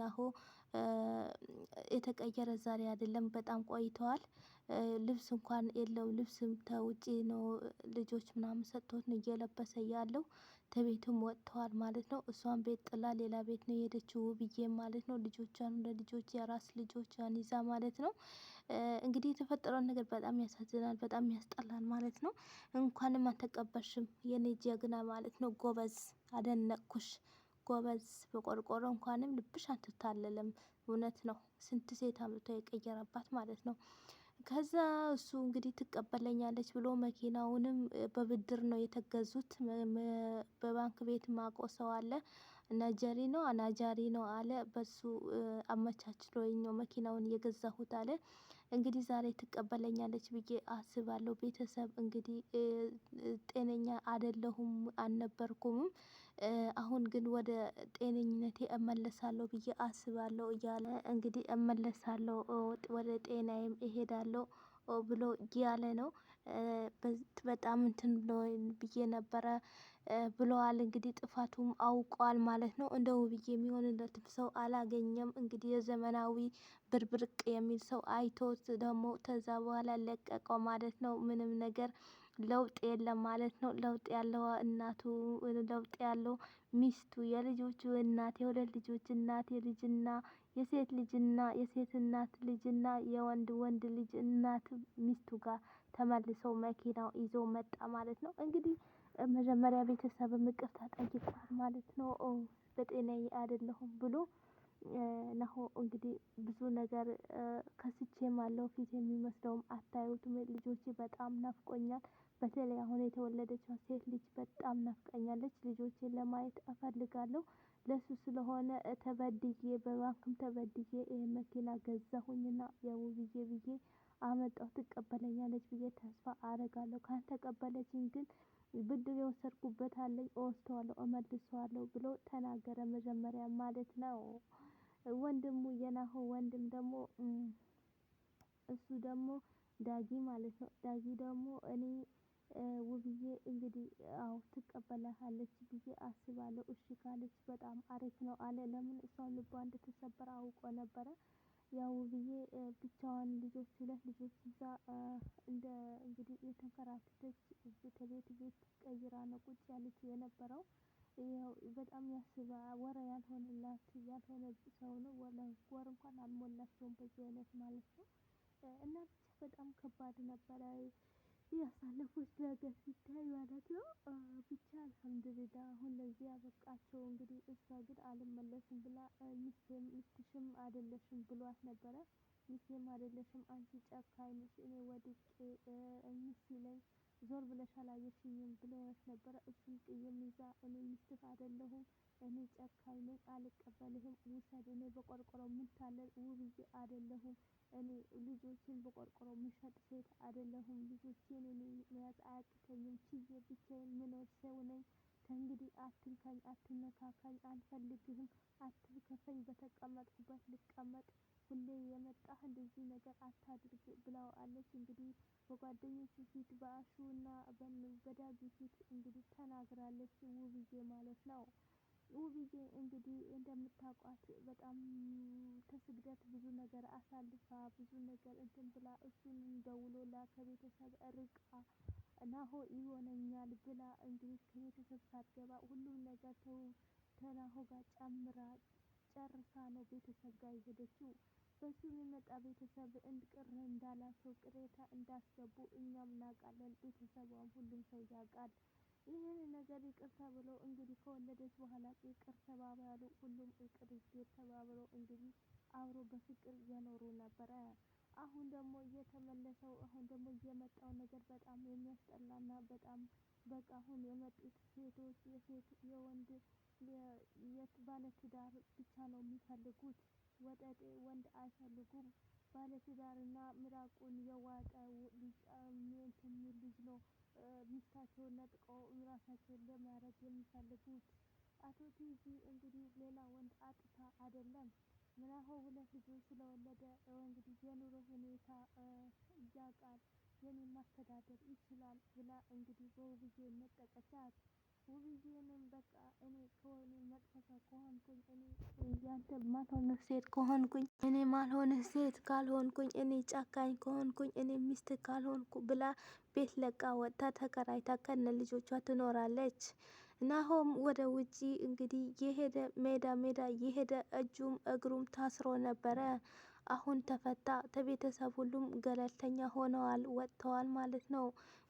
ናሆ የተቀየረ ዛሬ አይደለም፣ በጣም ቆይተዋል። ልብስ እንኳን የለው። ልብስም ተውጪ ነው ልጆች ምናምን ሰጥቶት ነው እየለበሰ ያለው። ከቤቱም ወጥተዋል ማለት ነው። እሷን ቤት ጥላ ሌላ ቤት ነው የሄደችው ውብዬ ማለት ነው። ልጆቿን ለልጆች የራስ ልጆቿን ይዛ ማለት ነው። እንግዲህ የተፈጠረውን ነገር በጣም ያሳዝናል፣ በጣም ያስጠላል ማለት ነው። እንኳንም አልተቀበልሽም የኔ ጀግና ማለት ነው። ጎበዝ አደነቅኩሽ። ጎበዝ በቆርቆሮ እንኳንም ልብሽ አትታለልም። እውነት ነው። ስንት ሴት አምጥቶ የቀየረባት አባት ማለት ነው። ከዛ እሱ እንግዲህ ትቀበለኛለች ብሎ መኪናውንም በብድር ነው የተገዙት። በባንክ ቤት ማቆ ሰው አለ። ናጃሪ ነው አናጃሪ ነው አለ። በሱ አመቻችሎኝ ነው መኪናውን የገዛሁት አለ። እንግዲህ ዛሬ ትቀበለኛለች ብዬ አስባለሁ። ቤተሰብ እንግዲህ ጤነኛ አደለሁም አልነበርኩም፣ አሁን ግን ወደ ጤነኝነቴ እመለሳለሁ ብዬ አስባለሁ እያለ እንግዲህ እመለሳለሁ ወደ ጤናዬም እሄዳለሁ ብሎ እያለ ነው። በጣም እንትን ብዬ ነበረ ብለዋል። እንግዲህ ጥፋቱም አውቋል ማለት ነው። እንደ ውብዬ የሚሆንለትም ሰው አላገኘም። እንግዲህ የዘመናዊ ብርብርቅ የሚል ሰው አይቶት ደግሞ ከዛ በኋላ ለቀቀው ማለት ነው። ምንም ነገር ለውጥ የለም ማለት ነው። ለውጥ ያለው እናቱ ለውጥ ያለው ሚስቱ የልጆቹ እናት የሁለት ልጆች እናት የልጅና የሴት ልጅና የሴት እናት ልጅና የወንድ ወንድ ልጅ እናት ሚስቱ ጋር ተመልሰው መኪናው ይዞ መጣ ማለት ነው። እንግዲህ መጀመሪያ ቤተሰብ ይቅርታ ጠይቋል ማለት ነው። በጤና አይደለሁም ብሎ ናሆ እንግዲህ ብዙ ነገር ከስቼም አለው ፊት የሚመስለውም አታዩትም ልጆች በጣም ናፍቆኛል በተለይ አሁን የተወለደችው ሴት ልጅ በጣም ናፍቀኛለች ልጆቼን ለማየት እፈልጋለሁ። ለሱ ስለሆነ ተበድዬ በባንክም ተበድዬ ይህን መኪና ገዛሁኝና የውብዬ ብዬ አመጣው ትቀበለኛለች ብዬ ተስፋ አረጋለሁ። ካልተቀበለችኝ ግን ብድር የወሰድኩበት አለኝ እወስደዋለሁ፣ እመልሰዋለሁ ብሎ ተናገረ። መጀመሪያ ማለት ነው። ወንድሙ የናሆ ወንድም ደግሞ እሱ ደግሞ ዳጊ ማለት ነው። ዳጊ ደግሞ እኔ ውብዬ እንግዲህ አዎ ትቀበላለች ብዬ አስባለሁ። እሺ ካለች በጣም አሪፍ ነው አለ። ለምን እሷ ልቧ እንደተሰበረ አውቆ ነበረ። ያው ውብዬ ብቻዋን ልጆች ሁለት ልጆች ይዛ እንደ እንግዲህ የተንከራተተች ከቤት ቤት ቀይራ ነው ቁጭ ያለች የነበረው። ያው በጣም ያስባ ወረ ያልሆነላት ያልሆነ ሰው ነው ወለ ወር እንኳን አልሞላቸውም በዚህ አይነት ማለት ነው። እና ብቻ በጣም ከባድ ነበረ ያሳለፉት ነገር ሲታይ ማለት ነው። ብቻ አልሐምዱሊላ አሁን ለዚህ ያበቃቸው እንግዲህ እሷ ግን አልመለስም ብላ ሚስትሽም አይደለሽም ብሏት ነበረ። ሚስቴም አይደለሽም አንቺ ጨካኝ ነሽ፣ እኔ ወድቄ ሚስት ነኝ፣ ዞር ብለሽ አላየሽኝም ብለውት ነበረ። እሱም ቅይም ይዛ እኔ ሚስትህ አይደለሁም፣ እኔ ጨካኝ ነኝ፣ አልቀበልህም፣ ውሰድ፣ እኔ በቆርቆሮ ምንታለል ውብዬ አይደለሁም እኔ ልጆችን በቆርቆሮ ምሸጥ ሴት አይደለሁም። ልጆችን እኔ መያዝ አያቅተኝም። ችዬ ብቻዬን ምኖር ሰው ነኝ። ከእንግዲህ አትንካኝ፣ አትነካካኝ፣ አልፈልግህም፣ አትልከፈኝ። በተቀመጥኩበት ልቀመጥ ሁሌ የመጣህ እንደዚህ ነገር አታድርግ አለች። እንግዲህ በጓደኞቹ ፊት በአሹ እና በዳጊ ፊት እንግዲህ ተናግራለች፣ ውብዬ ማለት ነው። ውብዬ እንግዲህ እንደምታውቋት በጣም ከስግደት ብዙ ነገር አሳልፋ ብዙ ነገር እንትን ብላ እሱንም ደውሎላ ከቤተሰብ ርቃ ናሆ ይሆነኛል ብላ እንግዲህ ከቤተሰብ ሳትገባ ሁሉም ነገር ተናሆ ጋር ጨምራ ጨርሳ ነው ቤተሰብ ጋር የሄደችው። በሱ የመጣ ቤተሰብ እንቅር እንዳላቸው ቅሬታ እንዳስገቡ እኛም እናውቃለን፣ ቤተሰቧም ሁሉም ሰው ያውቃል። ይህን ነገር ይቅር ተብሎ እንግዲህ ከወለደች በኋላ ይቅር ተባባሉ። ሁሉም ይቅር ይስል ተባብሎ እንግዲህ በፍቅር እየኖሩ ነበረ። አሁን ደግሞ እየተመለሰው አሁን ደግሞ የመጣው ነገር በጣም የሚያስጠላና በጣም በቃ አሁን የመጡት ሴቶች የሴት የወንድ ባለትዳር ብቻ ነው የሚፈልጉት። ወጠጤ ወንድ አይፈልጉም። ባለትዳርና ምራቁን የዋጠ እንትን ልጅ ነው ሚስታቸውን ነጥቀው ራሳቸውን ለማድረግ የሚፈልጉት። አቶ ቲጂ እንግዲህ ሌላ ወንድ አጥታ አይደለም ምናልባት ሁለት ልጆች ስለወለደ እንግዲህ የኑሮ ሁኔታ ያውቃል የኔን ማስተዳደር ይችላል ብላ እንግዲህ በውብዬ ነጠቀቻት። ውብዬንም በቃ እኔ ከሆነ መቅሰፈ ከሆንኩኝ እኔ ያንተ ማልሆንህ ሴት ከሆንኩኝ እኔ ማልሆነ ሴት ካልሆንኩኝ እኔ ጨካኝ ከሆንኩኝ እኔ ሚስት ካልሆንኩ ብላ ቤት ለቃ ወጥታ ተከራይታ ከነ ልጆቿ ትኖራለች። ናሆም ወደ ውጪ እንግዲህ የሄደ ሜዳ ሜዳ የሄደ እጁም እግሩም ታስሮ ነበረ። አሁን ተፈታ። ተቤተሰብ ሁሉም ገለልተኛ ሆነዋል፣ ወጥተዋል ማለት ነው።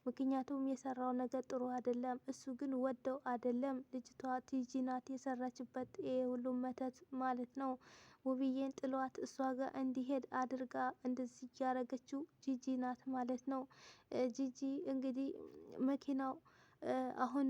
ምክንያቱም የሰራው ነገር ጥሩ አይደለም። እሱ ግን ወደው አይደለም። ልጅቷ ቲጂ ናት የሰራችበት ይሄ ሁሉም መተት ማለት ነው። ውብዬን ጥሏት እሷ ጋር እንዲሄድ አድርጋ እንደዚህ እያረገችው ጂጂ ናት ማለት ነው። ጂጂ እንግዲህ መኪናው አሁን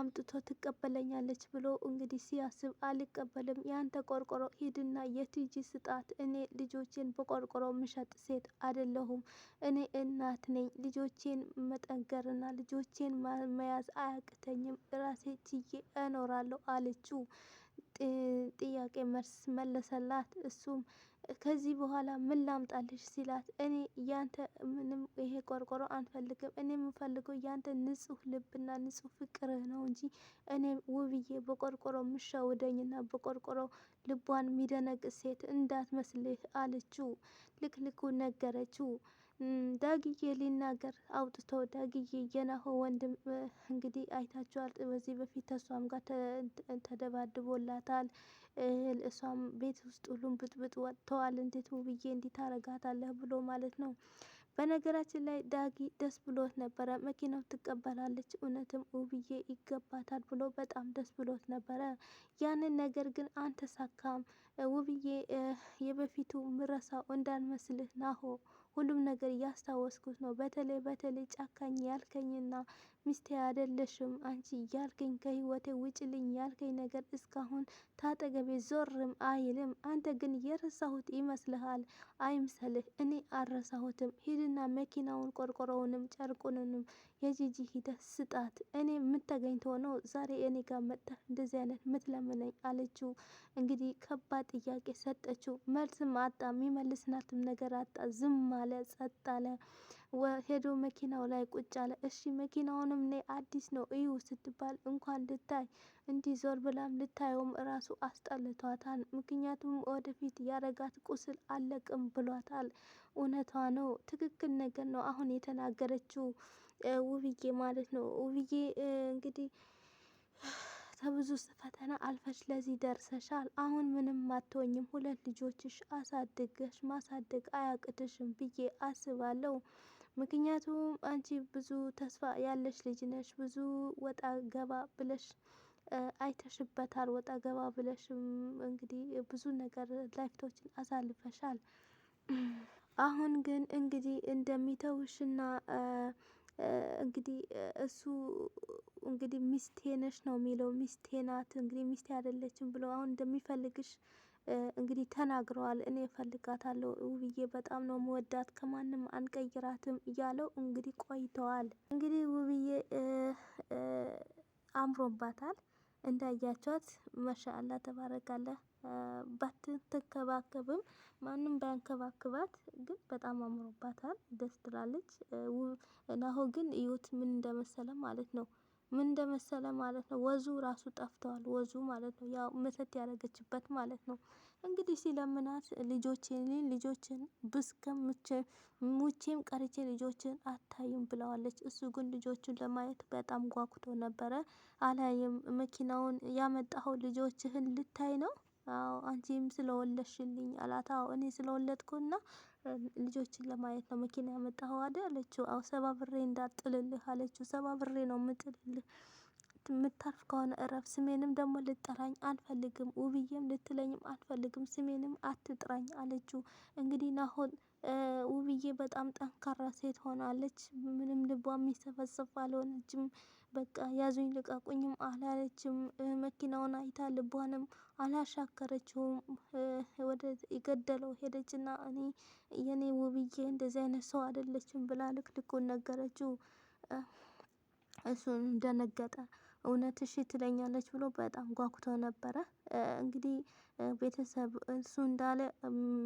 አምጥቶ ትቀበለኛለች ብሎ እንግዲህ ሲያስብ አልቀበልም፣ ያንተ ቆርቆሮ ሂድና የቲጂ ስጣት። እኔ ልጆቼን በቆርቆሮ ምሸጥ ሴት አይደለሁም። እኔ እናት ነኝ። ልጆቼን መጠንከርና ልጆቼን መያዝ አያቅተኝም። ራሴ ችዬ እኖራለሁ አለችው። ጥያቄ መልስ መለሰላት እሱም ከዚህ በኋላ ምን ላምጣልሽ ሲላት እኔ ያንተ ምንም ይሄ ቆርቆሮ አንፈልግም። እኔ የምፈልገው ያንተ ንጹህ ልብና ንጹህ ፍቅር ነው እንጂ እኔ ውብዬ በቆርቆሮ ምሸውደኝና በቆርቆሮ ልቧን ሚደነቅ ሴት እንዳትመስልህ አለችው። ልክልኩ ነገረችው። ዳግዬ ሊናገር አውጥቶ ዳግዬ የናሆ ወንድም እንግዲህ አይታችኋል። በዚህ በፊት ተሷም ጋር ተደባድቦላታል። እሷም ቤት ውስጥ ሁሉም ብጥብጥ ወጥተዋል። እንዴት ውብዬ እንዲህ ታረጋታለህ ብሎ ማለት ነው። በነገራችን ላይ ዳጊ ደስ ብሎት ነበረ። መኪናው ትቀበላለች እውነትም ውብዬ ይገባታል ብሎ በጣም ደስ ብሎት ነበረ። ያንን ነገር ግን አንተ ሳካም ውብዬ የበፊቱ ምረሳው እንዳልመስልህ ናሆ ሁሉም ነገር እያስታወስኩት ነው። በተለይ በተለይ ጨካኝ ያልከኝና ሚስቴ አይደለሽም አንቺ ያልከኝ ከህይወቴ ውጭልኝ ያልከኝ ነገር እስካሁን ታጠገቤ ዞርም አይልም። አንተ ግን የረሳሁት ይመስልሃል? አይምሰልህ፣ እኔ አረሳሁትም። ሂድና መኪናውን፣ ቆርቆሮውንም ጨርቁንንም የጂጂ ሂደት ስጣት። እኔ የምተገኝቶ ነው ዛሬ እኔ ጋር መጥተህ እንደዚህ አይነት ምትለምነኝ አለችው። እንግዲህ ከባድ ጥያቄ ሰጠችው። መልስም አጣ፣ የሚመልስናትም ነገር አጣ። ዝም አለ፣ ጸጥ አለ። ሄዶ መኪናው ላይ ቁጭ አለ። እሺ መኪናውንም ነይ አዲስ ነው እዩ ስትባል እንኳን ልታይ እንዲህ ዞር ብላም ልታየውም እራሱ አስጠልቷታል። ምክንያቱም ወደፊት ያረጋት ቁስል አለቅም ብሏታል። እውነቷ ነው፣ ትክክል ነገር ነው አሁን የተናገረችው ውብዬ ማለት ነው። ውብዬ እንግዲህ ከብዙ ፈተና አልፈሽ ለዚህ ደርሰሻል። አሁን ምንም አትሆኝም፣ ሁለት ልጆችሽ አሳድገሽ ማሳደግ አያቅትሽም ብዬ አስባለሁ። ምክንያቱም አንቺ ብዙ ተስፋ ያለሽ ልጅ ነሽ። ብዙ ወጣ ገባ ብለሽ አይተሽበታል። ወጣ ገባ ብለሽ እንግዲህ ብዙ ነገር ላይፍቶችን አሳልፈሻል። አሁን ግን እንግዲህ እንደሚተውሽና እንግዲህ እሱ እንግዲህ ሚስቴ ነሽ ነው የሚለው። ሚስቴ ናት እንግዲህ ሚስቴ አይደለችም ብሎ አሁን እንደሚፈልግሽ እንግዲህ ተናግረዋል። እኔ እፈልጋታለሁ ውብዬ በጣም ነው መወዳት ከማንም አንቀይራትም እያለው እንግዲህ ቆይተዋል። እንግዲህ ውብዬ አምሮባታል። እንዳያቸዋት መሻአላ ተባረካለ። ባትንከባከብም ማንም ባያንከባክባት ግን በጣም አምሮባታል፣ ደስ ትላለች። ናሆ ግን እዩት ምን እንደመሰለ ማለት ነው ምን እንደመሰለ ማለት ነው ወዙ ራሱ ጠፍተዋል። ወዙ ማለት ነው ያው መተት ያደረገችበት ማለት ነው። እንግዲህ ሲለምናት ልጆችን ልጆችን ብስከም ሙቼም ቀርቼ ልጆችን አታይም ብለዋለች። እሱ ግን ልጆቹን ለማየት በጣም ጓጉቶ ነበረ። አላይም መኪናውን ያመጣኸው ልጆችህን ልታይ ነው? አዎ አንቺም ስለወለድሽልኝ አላት። አዎ እኔ ስለወለድኩና ልጆችን ለማየት ነው መኪና ያመጣኸው አይደል አለችው። አዎ ሰባ ብሬ እንዳጥልልህ አለችው። ሰባ ብሬ ነው የምጥልልህ የምታርፍ ከሆነ እረፍ። ስሜንም ደግሞ ልጠራኝ አልፈልግም፣ ውብዬም ልትለኝም አልፈልግም፣ ስሜንም አትጥራኝ አለችው። እንግዲህ ናሆን ውብዬ በጣም ጠንካራ ሴት ሆናለች። ምንም ልቧ የሚሰፈሰፍ አልሆነችም። በቃ ያዙኝ ልቀቁኝም አላለችም። መኪናውን አይታ ልቧንም አላሻከረችውም። ወደ የገደለው ሄደችና እኔ የኔ ውብዬ እንደዚህ አይነት ሰው አይደለችም ብላ ልክልኩን ነገረችው። እሱ ደነገጠ። እውነት እሺ ትለኛለች ብሎ በጣም ጓጉቶ ነበረ። እንግዲህ ቤተሰብ እሱ እንዳለ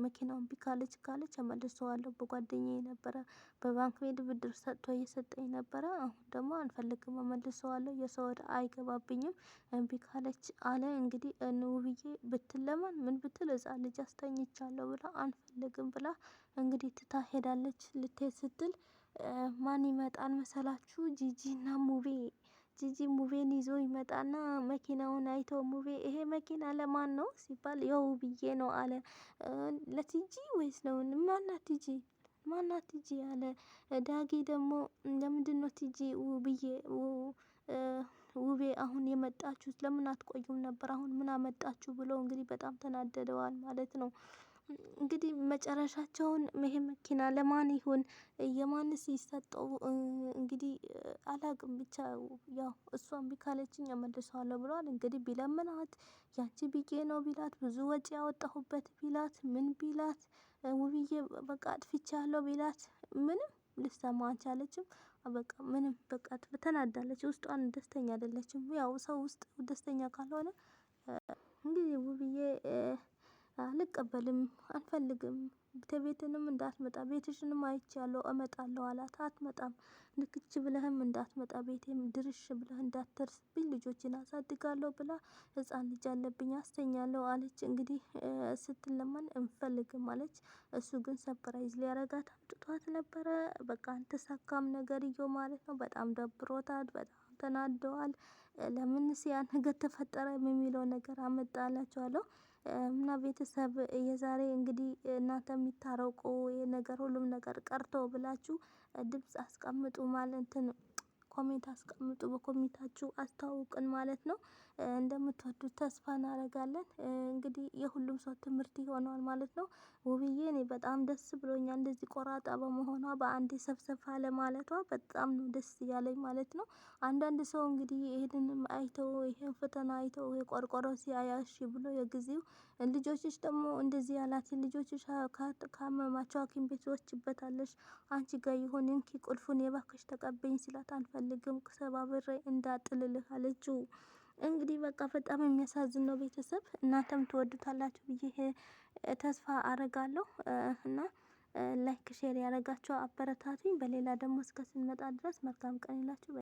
መኪናውን ቢካለች ካለች ካለች እመልሰዋለሁ። በጓደኛዬ ነበረ በባንክ ቤት ብድር ሰጥቶ እየሰጠኝ ነበረ። አሁን ደግሞ አልፈልግም እመልሰዋለሁ፣ የሰው ወደ አይገባብኝም እምቢ ካለች አለ። እንግዲህ ውብዬ ብትለመን ምን ብትል እዛ ልጅ አስተኝቻለሁ ብላ አንፈልግም ብላ እንግዲህ ትታ ሄዳለች። ልትሄድ ስትል ማን ይመጣል መሰላችሁ? ጂጂ እና ሙቤ ጂጂ ሙቬን ይዞ ይመጣና መኪናውን አይቶ ሙቬ ይሄ መኪና ለማን ነው ሲባል ብዬ ነው አለ። ለቲጂ ወይስ ነው? ማናት ቲጂ ማና ቲጂ አለ። ዳጊ ደግሞ ለምንድን ነው ቲጂ ብዬ ውቤ አሁን የመጣችሁት ለምን አትቆዩም ነበር? አሁን ምን አመጣችሁ ብሎ እንግዲህ በጣም ተናደደዋል ማለት ነው። እንግዲህ መጨረሻቸውን ይሄ መኪና ለማን ይሁን የማንስ ይሰጠው እንግዲህ አላቅም። ብቻ ያው እሷን ቢካለችኝ እመልሰዋለሁ ብለዋል። እንግዲህ ቢለምናት ያቺ ቢቄ ነው ቢላት፣ ብዙ ወጪ ያወጣሁበት ቢላት፣ ምን ቢላት፣ ውብዬ በቃ አጥፍቻ ያለው ቢላት፣ ምንም ልሰማ አልቻለችም። በቃ ምንም በቃ ተናዳለች። ውስጧን ደስተኛ አይደለችም። ያው ሰው ውስጥ ደስተኛ ካልሆነ እንግዲህ ውብዬ አልቀበልም፣ አልፈልግም ከቤትንም እንዳትመጣ ቤትሽንም አይቻለሁ እመጣለሁ አላት። አትመጣም፣ ንክች ብለህም እንዳትመጣ ቤቴም ድርሽ ብለህ እንዳትደርስብኝ ልጆችን አሳድጋለሁ ብላ ህፃን ልጅ አለብኝ አስተኛለሁ አለች። እንግዲህ ስትለመን እንፈልግም አለች። እሱ ግን ሰፕራይዝ ሊያረጋት አምጥቷት ነበረ። በቃ አልተሳካም ነገርየው ማለት ነው። በጣም ደብሮታል። በጣም ተናደዋል። ለምን ሲያ ነገር ተፈጠረ የሚለው ነገር አመጣላቸዋለሁ። እና ቤተሰብ የዛሬ እንግዲህ እናንተ የሚታረቁ ነገር ሁሉም ነገር ቀርቶ ብላችሁ ድምፅ አስቀምጡ ማለት ነው። ኮሜንት አስቀምጡ። በኮሜንታችሁ አስተዋውቅን ማለት ነው። እንደምትወዱት ተስፋ እናደርጋለን። እንግዲህ የሁሉም ሰው ትምህርት ይሆነዋል ማለት ነው። ውብዬ እኔ በጣም ደስ ብሎኛል። እንደዚህ ቆራጣ በመሆኗ በአንዴ ሰብሰብ አለ ማለቷ በጣም ነው ደስ እያለኝ ማለት ነው። አንዳንድ ሰው እንግዲህ ይህንን አይተው ይህን ፈተና አይተው የቆርቆሮ ሲያያሽ ብሎ የጊዜው ልጆችሽ ደግሞ እንደዚህ ያላት ልጆችሽ ካመማቸው ሐኪም ቤት ትወስጅበታለሽ። አንቺ ጋር ይሆን እንኪ ቁልፉን የባክሽ ተቀበይኝ ሲላት አንፈልግም ሰባብሬ እንዳጥልልህ አለችው። እንግዲህ በቃ በጣም የሚያሳዝን ነው ቤተሰብ። እናንተም ትወዱታላችሁ ብዬ ተስፋ አረጋለሁ እና ላይክ ሼር ያደረጋቸው አበረታቱኝ። በሌላ ደግሞ እስከ ስንመጣ ድረስ መልካም ቀን ይላችሁ።